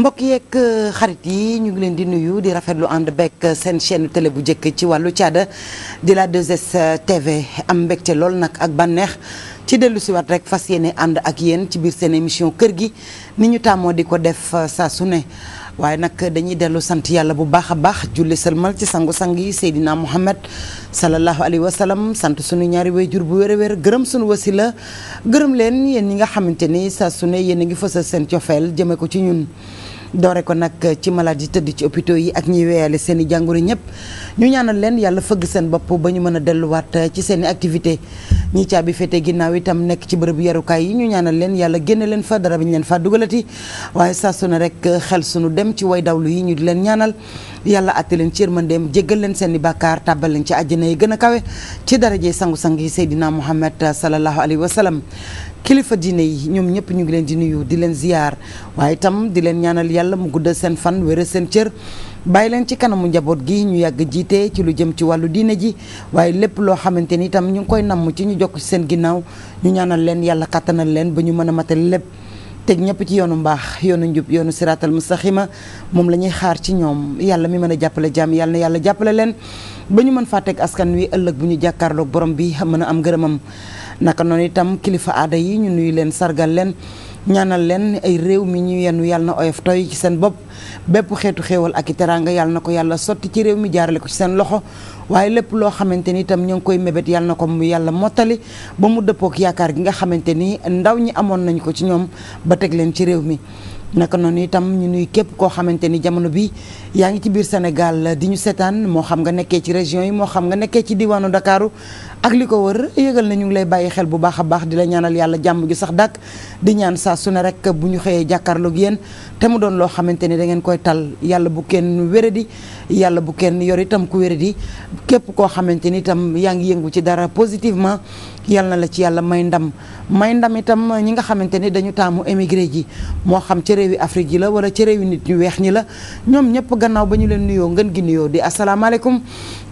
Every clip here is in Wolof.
mbokk yeeg euh, xarit yi ñu ngi leen di nuyu di rafetlu ànd bekk euh, seen chaîne télé bu njëkk ci wàllu caada di la deux s TV am mbégte lool nag ak bànneex ci dellu siwaat rek fas yéene ànd ak yéen ci biir seen émission kër gi ni ñu tàmmoo di ko def euh, saa su ne waaye nag dañuy dellu sant yàlla bu baax a baax julli sëlmal ci sangu-sang yi Seydina Muhammad sallallahu alayhi wa sallam sant sunu ñaari wayjur bu wér a wér gërëm sunu wasila gërëm leen yéen ñi nga xamante ni saa su ne yéen a ngi fësal seen cofeel jëme ko ci ñun doore ko nag ci malade yi tëdd ci hôpitaux yi ak ñi weyale seen i jàngoro ñëpp ñu ñaanal leen yàlla fëgg seen bopp ba ñu mën a delluwaat ci seen i activité ñi caabi féete ginnaaw itam nekk ci bërëb yarukaay yi ñu ñaanal leen yàlla génne leen fa dara bañ leen fa dugalati waaye saa su ne rek xel sunu dem ci way dawlu yi ñu leen ñaanal yàlla àtte leen ci yërmandeem jéggal leen seeni bàkkaar tàbbal leen ci àjjana yi gën a kawe ci daraje sangu-sang yi Seydina Muhammad sallallahu alayhi wa sallam kilifa diine yi ñoom ñëpp ñu ngi leen di nuyu di leen ziyaar waaye itam di leen ñaanal yàlla mu guddal seen fan wéral seen cër bàyyi leen ci kanamu njaboot gi ñu yàgg jiite ci lu jëm ci wàllu diine ji waaye lépp loo xamante ni itam ñu ngi koy namm ci ñu jokk ci seen ginnaaw ñu ñaanal leen yàlla kàttanal leen ba ñu mën a matal lépp te ñëpp ci yoonu mbaax yoonu njub yoonu siraatal mustaxima moom la ñuy xaar ci ñoom yàlla mi mën a jàppale jàmm yàll na yàlla jàppale leen ba ñu mën faa askan wi ëllëg bu ñu jàkkaarloog borom bi mën a am ngërëmam naka noonu itam kilifa aada yi ñu nuyu leen sargal leen ñaanal leen ay réew mi ñu yenu yàlla na oyof toy ci seen bopp bépp xeetu xéewal ak i teraanga yàlla na ko yàlla sotti ci réew mi jaarale ko ci seen loxo waaye lépp loo xamante ni itam ñu ngi koy mébét yàlla na ko mu yàlla mottali ba mu dëppook yaakaar gi nga xamante ni ndaw ñi amoon nañ ko ci ñoom ba teg leen ci réew mi naka noonu itam ñu nuy képp koo xamante ni jamono bi yaa ngi ci biir Sénégal di ñu seetaan moo xam nga nekkee ci région yi moo xam nga nekkee ci diwaanu Ndakaaru ak li ko wër yëgal na ñu ngi lay bàyyi xel bu baax a baax di la ñaanal yàlla jàmm gi sax dàkk di ñaan saa su ne rek bu ñu xëyee jàkkaarloog yéen te mu doon loo xamante ni da ngeen koy tal yàlla bu kenn wéradi yàlla bu kenn yor itam ku wéradi képp koo xamante ni itam yaa ngi yëngu ci dara positivement yàlla na la ci yàlla may ndam may ji réewi Afrique yi la wala cere réewi nit ñu weex ñi la ñoom ñëpp gannaaw ba ñu leen nuyoo ngën gi nuyoo di asalaamaaleykum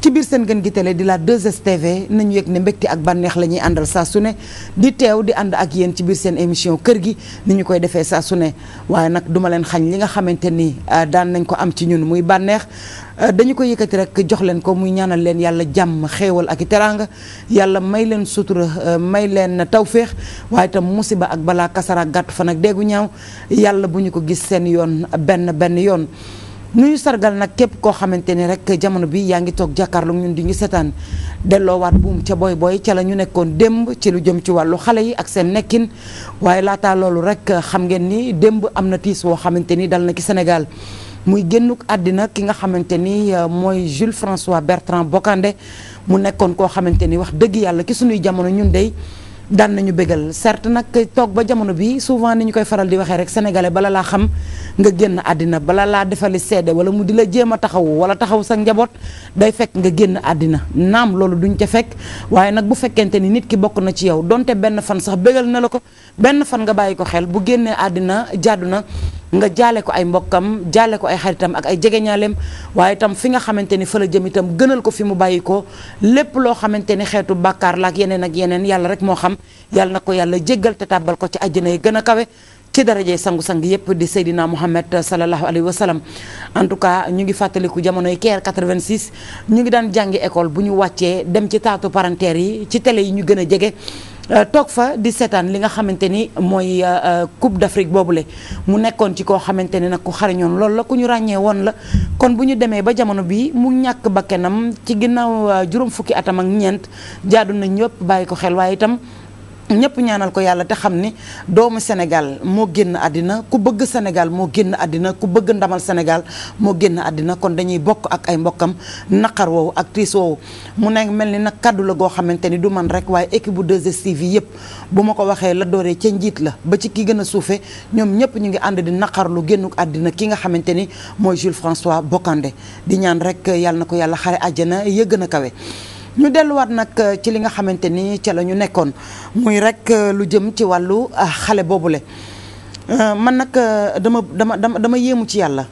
ci biir seen ngën gi télé di la 2STV nañu yëg ne mbégte ak bànneex lañuy àndal saa su ne di teew di ànd ak yéen ci biir seen émission kër gi ni ñu koy defee saa su ne waaye nag duma leen xañ li nga xamante ni ah, daan nañ ko am ci ñun muy bànneex Euh, dañu ko yëkkati rek jox leen ko muy ñaanal leen yàlla jàmm xéewal ak i teraanga yàlla may leen sutura euh, may leen tawféex waaye itam musiba ak balaa kasara gàtt fan ak ñaaw yàlla bu ñu ko gis seen yoon benn benn yoon nuyu sargal nag képp koo xamante ni rek jamono bi yaa ngi toog jàkkaarloog ñun di ñu seetaan delloowaat buum ca boy boy ca la ñu nekkoon démb ci lu jëm ci wàllu xale yi ak seen nekkin waaye laataa loolu rek xam ngeen ni démb am na tiis woo xamante ni dal na ci Sénégal muy génnuk àddina ki nga xamante ni euh, mooy Jules François Bertrand Bocandé mu nekkoon koo xamante ni wax dëgg yàlla ki suñuy jamono ñun dey daan nañu bégal certes nag toog ba jamono bi souvent ni ñu koy faral di waxee rek sénégalais bala laa xam nga génn àddina bala laa defali seede wala mu di la jéem a taxawu wala taxaw sa njaboot day fekk nga génn àddina naam loolu duñ ca fekk waaye nag bu fekkente ni nit ki bokk na ci yow donte benn fan sax bégal na la ko benn fan nga bàyyi ko xel bu génnee àddina jàddu na nga jaale ko ay mbokkam jaale ko ay xaritam ak ay jegeñaaleem waaye itam fi nga xamante ni fa la jëm itam gënal ko fi mu bàyyi ko lépp loo xamante ni xeetu bàkkaar la ak yeneen ak yeneen yàlla rek moo xam yàlla na ko yàlla jéggal te tàbbal ko ci àjjana yi gën a kawe ci daraje sangu-sang yépp di Seydina Muhammad sallallahu alayhi wa sallam en tout cas ñu ngi fàttaliku jamonoy keer 86 ñu ngi daan jàngi école bu ñu wàccee dem ci taatu paranteer yi ci télé yi ñu gën a jege Euh, toog fa di seetaan li nga xamante ni mooy euh, euh, Coupe d'Afrique boobule mu nekkoon ci koo xamante ni nag ku xarañoon loolu la ku ñu ràññee woon la kon bu ñu demee ba jamono bi mu ñàkk bakkenam ci ginnaaw juróom fukki atam ak ñeent jaadu na ñëpp bàyyi ko xel waaye itam ñëpp ñaanal ko yàlla te xam ni doomu Sénégal moo génn àddina ku bëgg Sénégal moo génn àddina ku bëgg ndamal Sénégal moo génn àddina kon dañuy bokk ak ay mbokkam naqar woowu actrice tiis woowu mu ne mel ni nag kàddu la goo xamante ni du man rek waaye équipe bu 2STV yëpp bu ma ko waxee la dooree ca njiit la ba ci ki gën a suufe ñoom ñëpp ñu ngi ànd di naqarlu génnuk àddina ki nga xamante ni mooy Jules François bokkande di ñaan rek yàlla na ko yàlla xare àjjana yëgg na kawe ñu delluwaat nag euh, ci li nga xamante ni ca la ñu nekkoon muy rek euh, lu jëm ci wàllu euh, xale boobu boobule man nag dama dama dama dama yéemu ci yàlla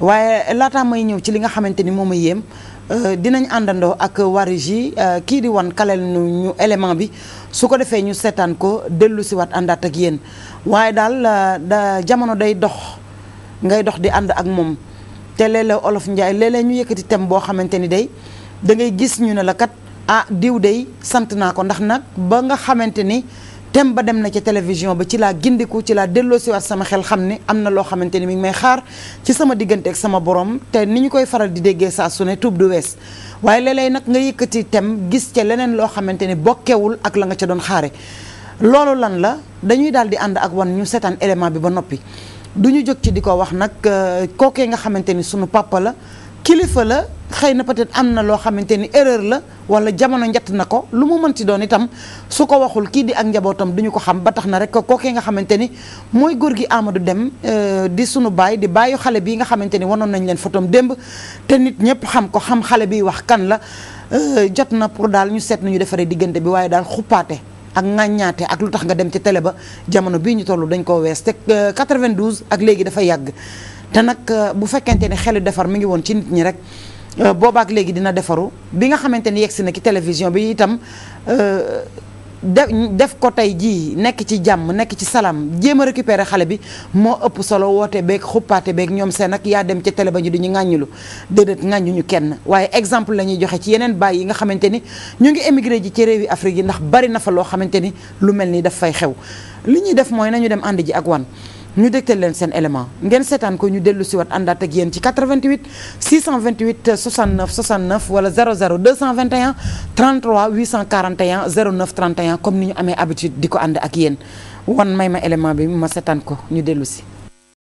waaye laataa may ñëw ci li nga xamante ni moo ma yéem dinañ àndandoo ak wariji kii di wan kaleel nu ñu élément bi su ko defee ñu seetaan ko dellu si àndaat ak yéen waaye daal da jamono day dox ngay dox di ànd ak moom te léeg olof Njaay léeg ñu yëkkati tem boo xamante ni day da ngay gis ñu ne la kat ah diw dey sant naa ko ndax nag ba nga xamante ni tem ba dem na ci télévision ba ci laa gindiku ci laa delloosiwaat sama xel xam ne am na loo xamante ni mi ngi may xaar ci sama diggante ak sama borom te ni ñu koy faral di déggee saa su ne tuub du wees waaye léeg nag nga yëkkati tem gis ca leneen loo xamante ni bokkewul ak la nga ca doon xaare loolu lan la dañuy daal di ànd ak wan ñu seetaan élément bi ba noppi du ñu jóg ci di ko wax nag euh, kookee nga xamante ni sunu papa kilifa la xëy na peut-être am na loo xamante ni erreur la wala jamono njatt na ko lu mu mënti doon itam su ko waxul kii di ak njabootam duñu ko xam ba tax na rek kookee nga xamante ni mooy góor gi Amadou Deme euh, di sunu baay di bàyyi xale bii nga xamante ni wanoon nañ leen fotom démb te nit ñëpp xam ko xam xale bi wax kan la euh, jot na pour daal ñu seet ñu defaree diggante bi waaye daal xuppaate ak ŋàññaate ak lu tax nga dem ci télé ba jamono bii ñu toll dañ koo wees te 92 euh, ak léegi dafa yàgg te nag bu fekkente ni xelu defar mi ngi woon ci nit ñi rek Euh, boobaak léegi dina defaru bi nga xamante ni yegsi na ci télévision bi itam euh, def def ko tey jii nekk ci jàmm nekk ci salaam jéem a récupérer xale bi moo ëpp solo woote beeg xuppaate beeg ñoom seen ak yaa dem ca télé ba ñu di ñu ŋàññulu déedéet ŋàññuñu kenn waaye exemple la ñuy joxe ci yeneen baay yi nga xamante ni ñu ngi émigré ji ci réewi Afrique yi ndax bari na fa loo xamante ni lu mel ni daf fay xew li ñuy def mooy nañu dem ànd ji ak wan ñu dégtal leen seen élément ngeen seetaan ko ñu dellu si wat àndaat ak yéen ci 88 628 69 69 wala 00 221 33 841 09 31 comme ni ñu amee habitude di ko ànd ak yéen wan may ma élément bi ma seetaan ko ñu dellu si